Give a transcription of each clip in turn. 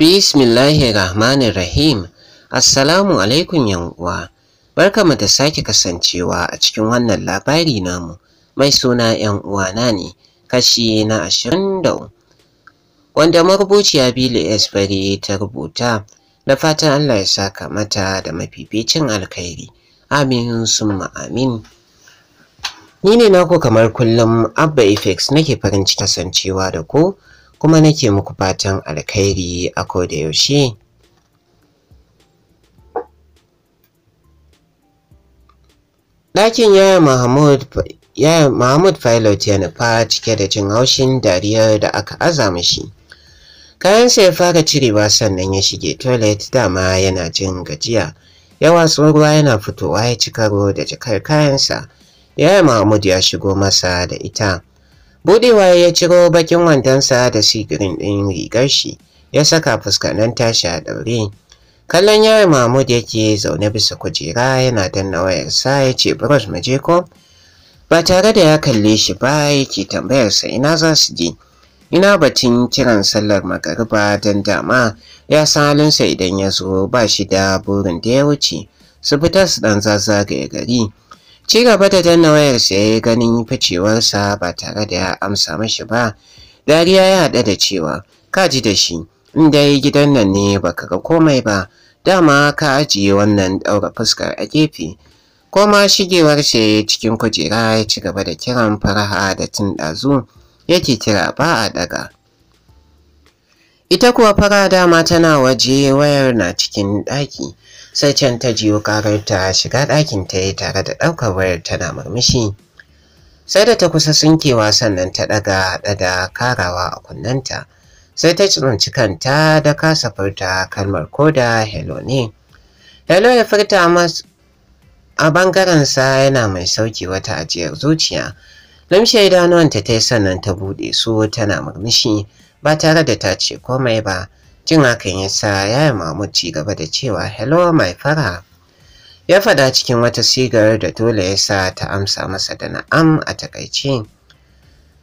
Bismillahirrahmanirrahim. Assalamu alaikum 'yan uwa. Barkamu da sake kasancewa a cikin wannan labari namu. Mai suna ‘yan uwana ne, kashi na ashirin da wanda marubuciya Billy esfari ta rubuta na fatan Allah ya saka mata da mafificin alkhairi. Amin summa amin. Ni ne naku kamar kullum Abba Effects nake farin ciki kasancewa da ku. kuma nake muku fatan alkhairi a koda yaushe ɗakin yaya mahmud yaya mahmud pilot ya nufa cike da jin haushin dariyar da aka aza shi. kayansa ya fara cirewa sannan ya shige toilet dama yana jin gajiya yawa ruwa yana fitowa ya ci karo da jakar kayansa yaya mahmud ya shigo masa da ita Buɗewa ya ciro bakin wandonsa da sigirin ɗin rigar shi ya saka fuskanin tashi a ɗaure. Kallon yaron Mahmud yake zaune bisa kujera yana danna wayarsa ya ce Bros mu je ko? Ba tare da ya kalle shi ba yake tambayarsa ina za su je. Ina batun kiran sallar magariba don dama ya san halinsa idan ya zo ba shi da burin da ya wuce su fita su ɗan ga gari. Ci gaba da danna wayarsa ya yi ganin ficewarsa ba tare da ya amsa mashi ba. Dariya ya haɗa da cewa, ka ji da shi, in dai gidan nan ne baka ga komai ba, dama ka ajiye wannan ɗaura fuskar a gefe. Koma shigewar shi cikin kujera ya ci gaba da kiran faraha da tun ɗazu yake kira ba a ɗaga. Ita kuwa fara dama tana waje wayar na cikin ɗaki. sai can ta jiyo karar ta shiga ɗakin ta yi tare da ɗaukar wayar tana murmushi sai da ta kusa sunkewa sannan ta ɗaga ɗada karawa a kunnenta. sai ta tsinci kanta da kasa furta kalmar koda hello ne hello ya furta mas a bangarensa yana mai sauki wata ajiyar zuciya lamshe idanuwanta ta yi sannan ta buɗe su tana murmushi ba tare da ta ce komai ba Jin hakan ya sa yaya Mahmud ci gaba da cewa hello my fara. Ya fada cikin wata sigar da dole ya sa ta amsa masa da na'am a takaice.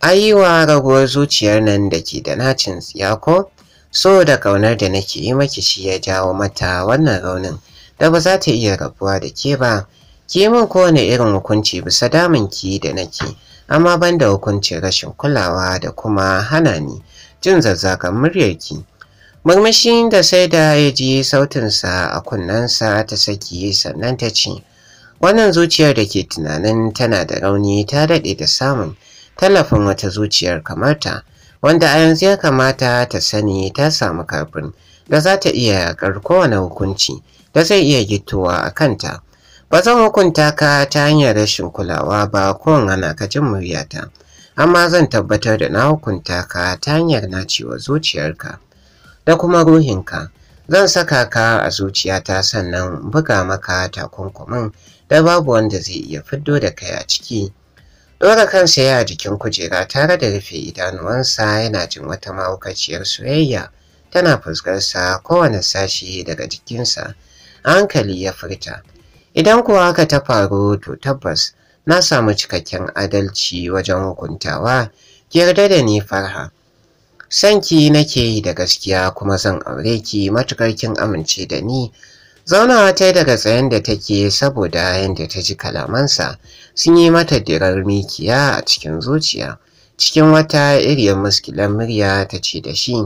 Ayiwa ragowar zuciyar nan da ke da nacin tsiya ko? So da kaunar da nake yi maki shi ya jawo mata wannan raunin da ba za ta iya rabuwa da ke ba. Ki min kowane irin hukunci bisa ki da nake, amma ban da hukuncin rashin kulawa da kuma hana ni jin muryar ki murmushin da sai da ya ji sautinsa a sa ta saki sannan ta ce wannan zuciyar da ke tunanin tana da rauni ta daɗe da samun tallafin wata zuciyar kamar ta wanda a yanzu ya kamata ta sani ta samu kafin da za ta iya yaƙar kowane hukunci da zai iya gittowa a kanta ba zan hukunta ka ta hanyar rashin kulawa ba ko ana ka jin muryata amma zan tabbatar da na hukunta ka ta hanyar nacewa zuciyarka da kuma ruhinka zan saka ka a zuciyata sannan buga maka takunkumin da babu wanda zai iya fiddo da kai a ciki ɗora kansa ya a jikin kujera tare da rufe idanuwansa yana jin wata mahaukaciyar soyayya tana fuskarsa kowane sashi daga jikinsa hankali ya furta idan kuwa haka ta faru to tabbas na samu cikakken adalci wajen hukuntawa ki yarda da ni farha Sanki ki nake yi da gaskiya kuma zan aure ki matukar kin amince da ni Zauna ta daga tsayen da take saboda yadda ta ji kalamansa sun yi mata dirar mikiya a cikin zuciya cikin wata iriyar muskilan murya ta ce da shi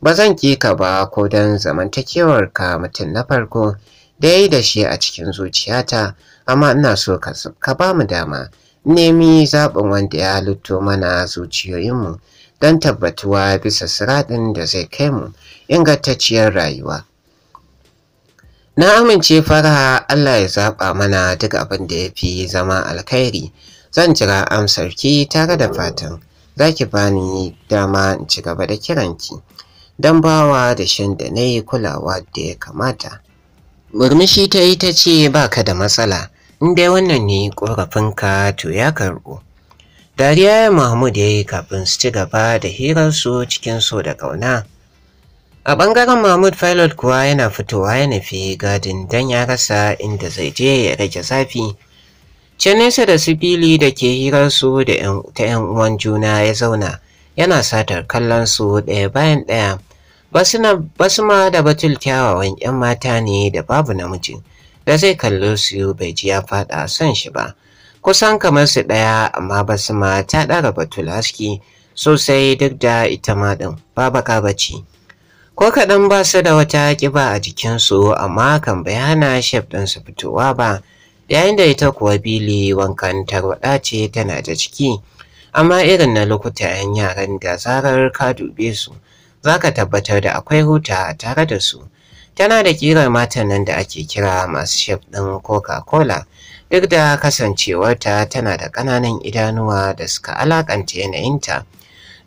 ba zan ki ka ba ko don zamantakewar ka mutum na farko da ya yi da shi a cikin zuciyata amma ina so ka ba mu dama nemi zaɓin wanda ya lutto mana zuciyoyinmu don tabbatuwa bisa siraɗin da zai kai mu ingantacciyar rayuwa. Na amince fara Allah ya zaɓa mana duk abin da ya fi zama alkhairi, zan jira amsarki tare da fatan za ki bani dama in ci gaba da kiranki don bawa da shan da na yi kulawa da ya kamata. Murmushi ta yi ta ce ba ka da matsala, in dai wannan ne ƙorafinka to ya karɓo. Dariya ya Mahmud ya yi kafin su ci gaba da hirarsu cikin so da ƙauna. A ɓangaren Mahmud Pilot kuwa yana fitowa ya nufi gadin don ya rasa inda zai je ya rage zafi. Can da sifili da ke hirarsu ta 'yan uwan juna ya zauna yana satar kallon su ɗaya bayan ɗaya. ma da batul kyawawan 'yan mata ne da babu namiji da zai kalle su bai ji ya faɗa son shi ba. kusan kamar su ɗaya amma ba su ma ta ɗara batul haske sosai duk da ita ma ɗin ba baka ce. ko kaɗan ba su da wata ƙiba a jikinsu amma kan bayana shef ɗin su fitowa ba yayin da ita kuwa bili wankan tarwaɗa ce tana da ciki amma irin na 'yan yaran da zarar ka dube su za ka tabbatar da akwai huta tare da su tana da ƙirar matan nan da ake kira masu shef ɗin coca-cola duk da kasancewarta tana da ƙananan idanuwa da suka alaƙanta yanayinta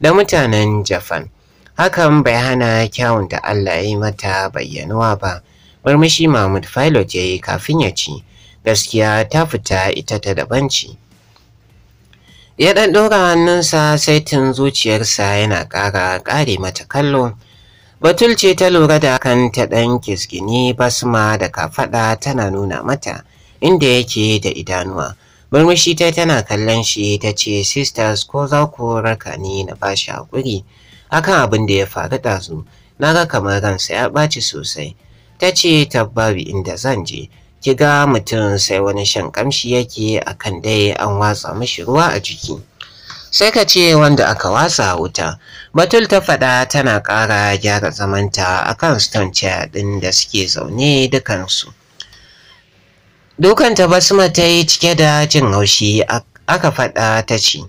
da mutanen Japan. Hakan bai hana kyawun da Allah ya yi mata bayyanuwa ba, murmushi Mahmud filot ya yi kafin ya ci, gaskiya ta fita ita ta daban ci. Ya ɗan ɗora hannunsa saitin zuciyarsa yana ƙara ƙare mata kallo. Batul ce ta lura da hakan ta ɗan kisgini basma da kafaɗa tana nuna mata. inda yake da idanuwa murmushi ta tana kallon shi ta ce sisters ko za ku raka ni na bashi hakuri akan abin da ya faru ɗazu na ga kamar ransa ya ɓaci sosai ta ce tabbabi inda zan je ki ga mutum sai wani shan kamshi yake akan dai an watsa mashi ruwa a jiki sai ka ce wanda aka watsa wuta batul ta faɗa tana ƙara gyara zamanta akan stone chair ɗin da suke zaune dukansu Dukanta basma ta yi cike da jin haushi aka faɗa ta ce,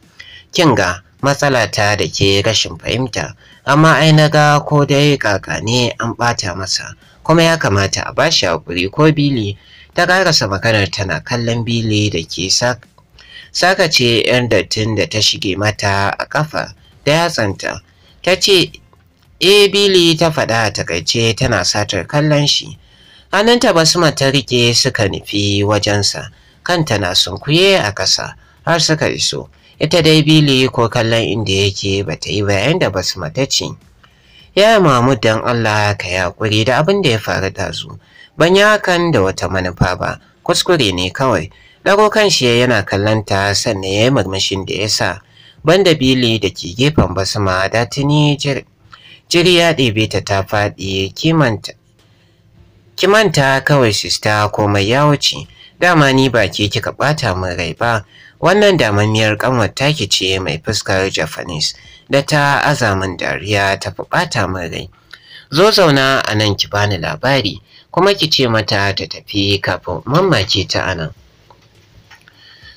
Kinga matsala ta da ke rashin fahimta, amma ai na ga ko dai kaka ne an ɓata masa, kuma ya kamata a bashi haƙuri ko bili. Ta ƙarasa maganar tana kallon bili da ke saka ce 'yan dattin da ta shige mata a ƙafa da yatsanta. Ta ce, E bili ta faɗa a takaice tana satar kallon shi. Hannunta basma ta rike suka nufi wajensa, kanta na sunkuye a ƙasa har suka iso. Ita dai Bili ko kallon inda yake ba ta yi bayan da basma mata ce. Ya Mahmud don Allah ka yi da abin da ya faru ɗazu. Ban yi hakan da wata manufa ba, kuskure ne kawai. Ɗago kan yana kallon ta sannan ya yi murmushin da ya sa. Banda Bili da ke gefen basma da tuni jiri ya ɗebe ta ta faɗi kimanta Ki manta kawai sista komai ya wuce. Dama ni ba ke kika ɓata min rai ba. Wannan damammiyar ta taki ce mai fuskar Japanese da ta azamin dariya ta fi ɓata min rai. Zo zauna a nan ki bani labari kuma ki ce mata ta tafi kafin mamaki ta anan.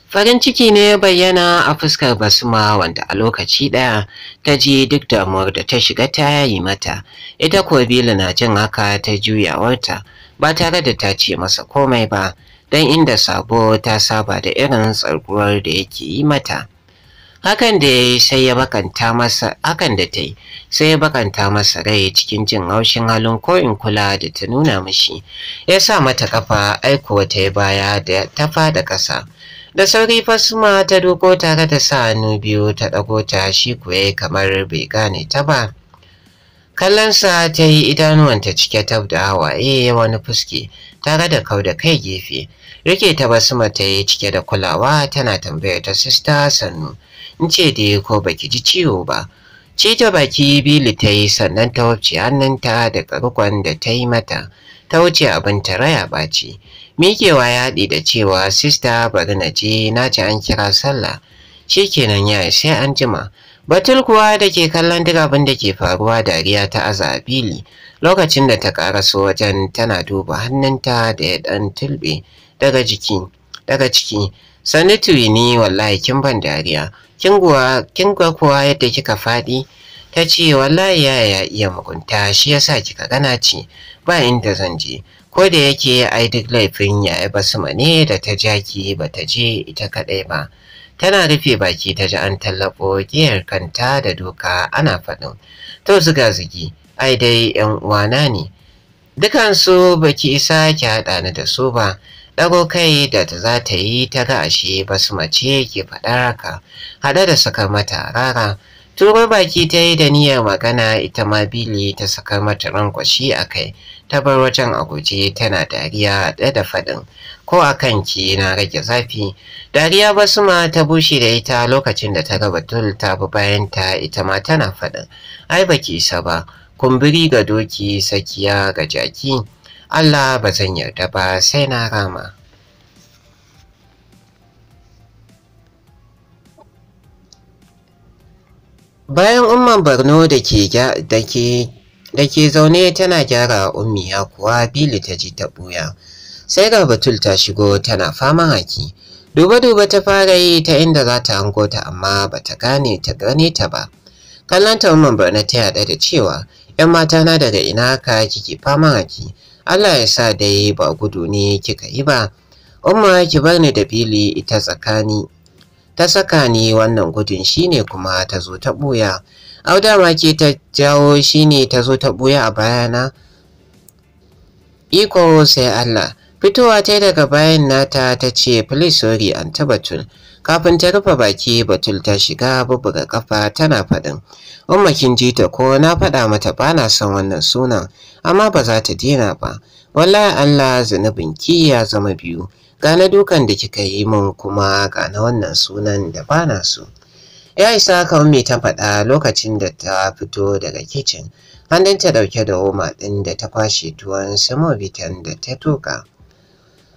Farin ciki ne bayyana a fuskar basuma wanda a lokaci ɗaya ta ji duk damuwar da ta shiga ta yayi mata, ita ko Bila na jin haka ta juyawarta ba tare da ta ce masa komai ba don inda sabo ta saba da irin tsarguwar da yake yi mata hakan da sai ya bakanta masa hakan da ta sai ya bakanta masa rai cikin jin haushin halin ko in kula da ta nuna mashi, ya sa mata kafa aiko ta yi baya da ta fada kasa da sauri fasma ta doko tare da sa hannu biyu ta ɗago ta shi kuwa kamar bai gane ta ba Kallon sa ta yi ta cike tab da hawaye wani Ta tare da kau da kai gefe rike ta basma ta yi cike da kulawa tana tambaya ta sista sannu in ce dai ko baki ji ciwo ba ci ta baki bili ta yi sannan ta wuce hannunta da rukon da ta yi mata ta wuce abin ta raya ɓaci Mikewa ya haɗi da cewa sista bari na je na ci an kira sallah kenan ya sai an jima Batul kuwa da ke kallon duk abin da ke faruwa dariya ta azabili lokacin da ta karaso wajen tana duba hannunta da ya dan tulbe daga jiki daga ciki sani tuwini wallahi kin ban dariya kin ga kuwa yadda kika faɗi ta ce wallahi ya iya mugunta shi yasa kika gana ci. ba inda zan je ko da yake ai duk laifin yaya basuma ne da ta jaki ba ta je ita kaɗai ba tana rufe baki ta ji an tallafo giyar kanta da doka ana faɗin to zuga zugi ai dai yan uwana ne dukansu baki ki haɗa ni da su ba ɗago kai da za ta yi ta ga ashe ba su mace ke faɗar haka Haɗa da saka mata rara turo baki ta yi da niyyar magana ita ma bili ta saka mata rankwashi a kai ta bar wajen a tana dariya ɗaya da faɗin ko a kan ki na rage zafi dariya ma ta bushe da ita lokacin da ta raba tul ta bi bayanta ita ma tana faɗin ai ba ki isa ba kumburi ga doki sakiya ga jaki Allah ba zan yarda ba sai na rama bayan umman borno da ke da ke zaune tana gyara ummiya kuwa bili ta ji ta buya. sai ga batul ta shigo tana faman haki duba-duba ta fara yi ta inda za ta hango ta amma ba ta gane ta gane ta ba kallon ta umar barna ta yaɗa da cewa yan mata na daga ina ka kike faman haki allah ya sa dai ba gudu ne kika yi ba umma ki bar ni da fili ita tsakani ta saka ni wannan gudun shine kuma ta zo ta ɓuya au ma ke ta jawo shine ta zo ta buya a bayana iko sai Allah Fitowa ta daga bayan nata ta ce please sorry anta Batul. Kafin ta rufe baki Batul ta shiga bubuga kafa tana faɗin. Umma kin ji ta ko na faɗa mata ba na son wannan sunan amma ba za ta dina ba. Wallahi Allah zunubin ki ya zama biyu. Ga na dukan da kika yi min kuma ga na wannan sunan da ba na so. Ya isa ka ummi ta faɗa lokacin da ta fito daga kicin. ta ɗauke da woma ɗin da ta kwashe tuwon samovitan da ta tuka.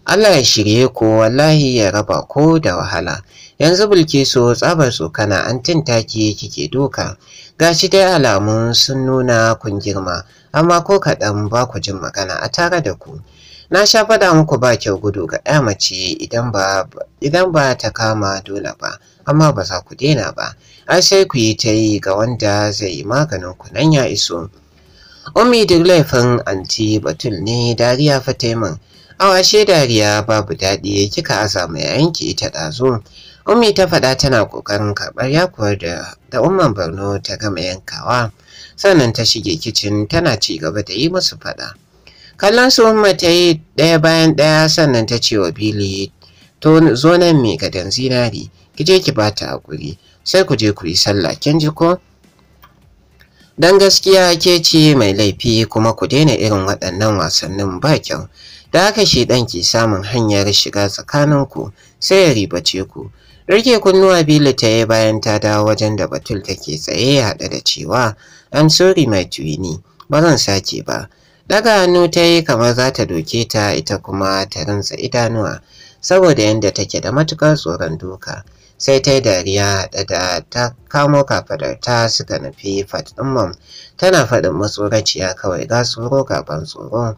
Allah ya shirye ku wallahi ya raba ku da wahala yanzu Bilkisu tsabar tsokana an tintaki kike doka gashi dai alamun sun nuna kun girma amma ko kaɗan ba ku jin magana a tare da ku na sha faɗa muku ba kyau gudu ga ɗaya mace idan ba idan ba ta kama dole ba amma ba za ku daina ba ai sai ku yi ta yi ga wanda zai yi maganin ku nan ya iso Ummi duk laifin anti batul ne dariya fa min. A washe dariya babu daɗi kika aza ma ki ita ɗazu. Ummi ta faɗa tana ƙoƙarin karɓar yakuwar da da umman Borno ta gama yankawa. Sannan ta shige kicin tana ci gaba da yi musu faɗa. Kallon su umma ta yi ɗaya bayan ɗaya sannan ta ce wa Bili to zo nan mai gadon zinari ki je ki bata hakuri sai ku je ku yi sallah kin ji ko? dan gaskiya ke ce mai laifi kuma ku daina irin waɗannan wasannin ba kyau. da haka shedan ke samun hanyar shiga tsakaninku sai ya ribace ku rike kunnuwa Bila ta yi bayan ta dawo wajen da batul take tsaye ya haɗa da cewa I'm sorry my twini ba zan sake ba daga hannu ta yi kamar za ta doke ta ita kuma ta rantsa idanuwa saboda yadda take da matukar tsoron doka sai ta yi dariya da ta kamo kafadar ta suka nufi fat ɗin tana faɗin matsoraciya kawai ga tsoro gaban tsoro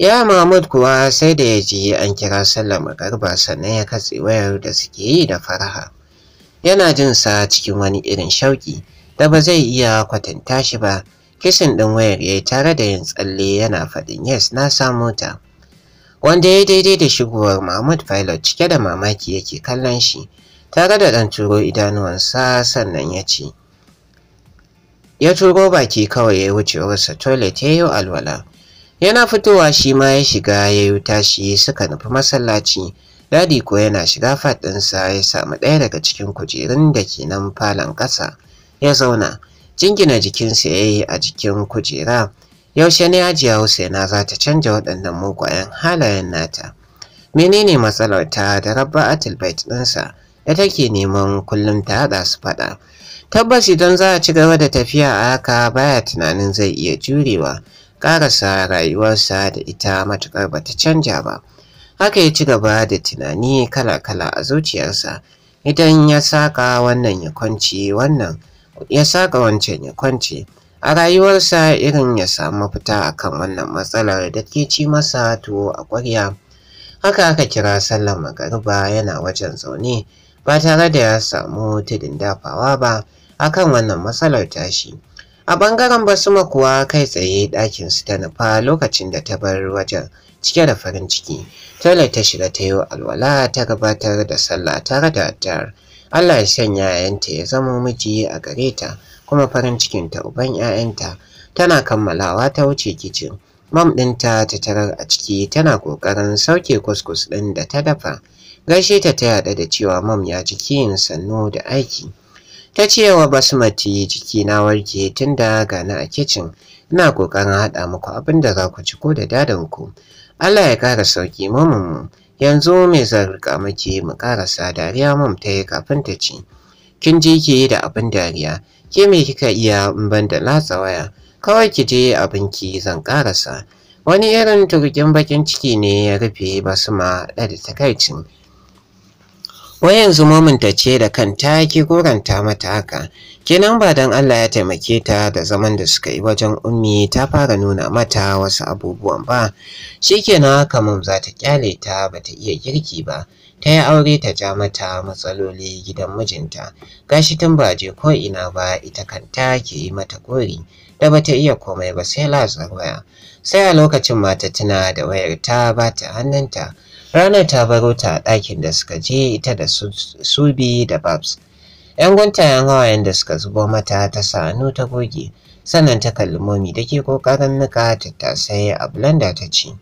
Ya Mahmud kuwa sai da ya ji an kira sallar garba sannan ya katse wayar da suke yi da faraha. Yana jin sa cikin wani irin shauki da ba zai iya kwatanta shi ba. Kisin ɗin wayar ya yi tare da yin tsalle yana faɗin yes na samu ta. Wanda ya daidai da shigowar Mahmud Pilot cike da mamaki yake kallon shi tare da ɗan turo idanuwansa sannan ya ce. Ya turo baki kawai ya wuce sa toilet ya yi alwala. yana fitowa shi ma ya shiga ya yi tashi suka nufi masallaci dadi ko yana shiga faɗinsa ya samu ɗaya daga cikin kujerun da ke nan falon ƙasa ya zauna jingina jikinsa ya yi a jikin kujera yaushe ne ajiya husaina za ta canja waɗannan mugayen halayen nata menene matsalar ta da rabba bait ɗinsa da take neman kullum ta haɗa su faɗa tabbas idan za a ci gaba da tafiya a haka baya tunanin zai iya jurewa Karasa rayuwarsa da ita matuƙar bata canja ba haka ya ci gaba da tunani kala-kala a zuciyarsa idan ya saka wannan ya kwanci wannan ya saka wancan ya kwanci a rayuwarsa irin ya samu mafita akan wannan matsalar da ke ci masa tuwo a ƙwarya haka aka kira sallar magariba yana wajen zaune ba tare da ya samu tudun dafawa ba akan wannan matsalar tashi A ɓangaren Basuma kuwa kai tsaye ɗakin su ta nufa lokacin da ta bar wajen cike da farin ciki. Toilet ta shiga ta yi alwala ta gabatar da sallah tare da addu'ar. Allah ya sanya 'ya'yanta ya zama miji a gare ta kuma farin cikin ta uban 'ya'yanta. Tana kammalawa ta wuce kicin. Mam ɗinta ta tarar a ciki tana ƙoƙarin sauke kuskus ɗin da ta dafa. Gaishe ta ta yaɗa da cewa mam ya ji kiyin sannu da aiki. ta ce wa basmati jiki na warke tun da gani a kicin ina kokarin haɗa muku abin da za ku ci ko da dadan ku Allah ya kara sauki mamu yanzu me zan rika miki mu ƙarasa dariya mam ta yi kafin ta ci kin je ki da abin dariya ke me kika iya in ban da latsa waya kawai ki je abin ki zan ƙarasa wani irin turkin bakin ciki ne ya rufe basma da takaicin wai yanzu ta ce da kanta ki goranta mata haka kenan ba dan Allah ya taimake ta da zaman da suka yi wajen ummi ta fara nuna mata wasu abubuwan ba shikenan haka mum za ta kyale ta ba ta iya girki ba ta yi aure ta ja mata matsaloli gidan mijinta gashi tun ba je ko ina ba ita kanta ke yi mata gori da bata iya komai ba sai lazar waya sai a lokacin mata tuna da wayar ta ba ta hannunta Ranar ta baro ta a ɗakin da suka je ita da Subi da Babs. 'Yan guntayen hawayen da suka zubo mata ta sanu ta goge, sannan ta kalli momi da ke ƙoƙarin nika tattasai a blanda ta ci.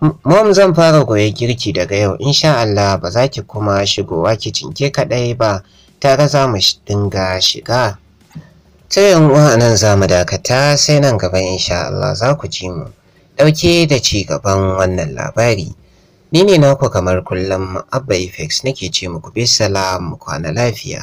Mom zan fara goyon girki daga yau insha Allah ba za ki kuma shigowa kicin ke kaɗai ba tare za mu dinga shiga. Ta uwa nan za mu dakata sai nan gaba insha Allah za ku ji mu. Ɗauke da ci gaban wannan labari. Ni ne naku kamar kullum Abba Effects nake ce muku bi salam kwana lafiya.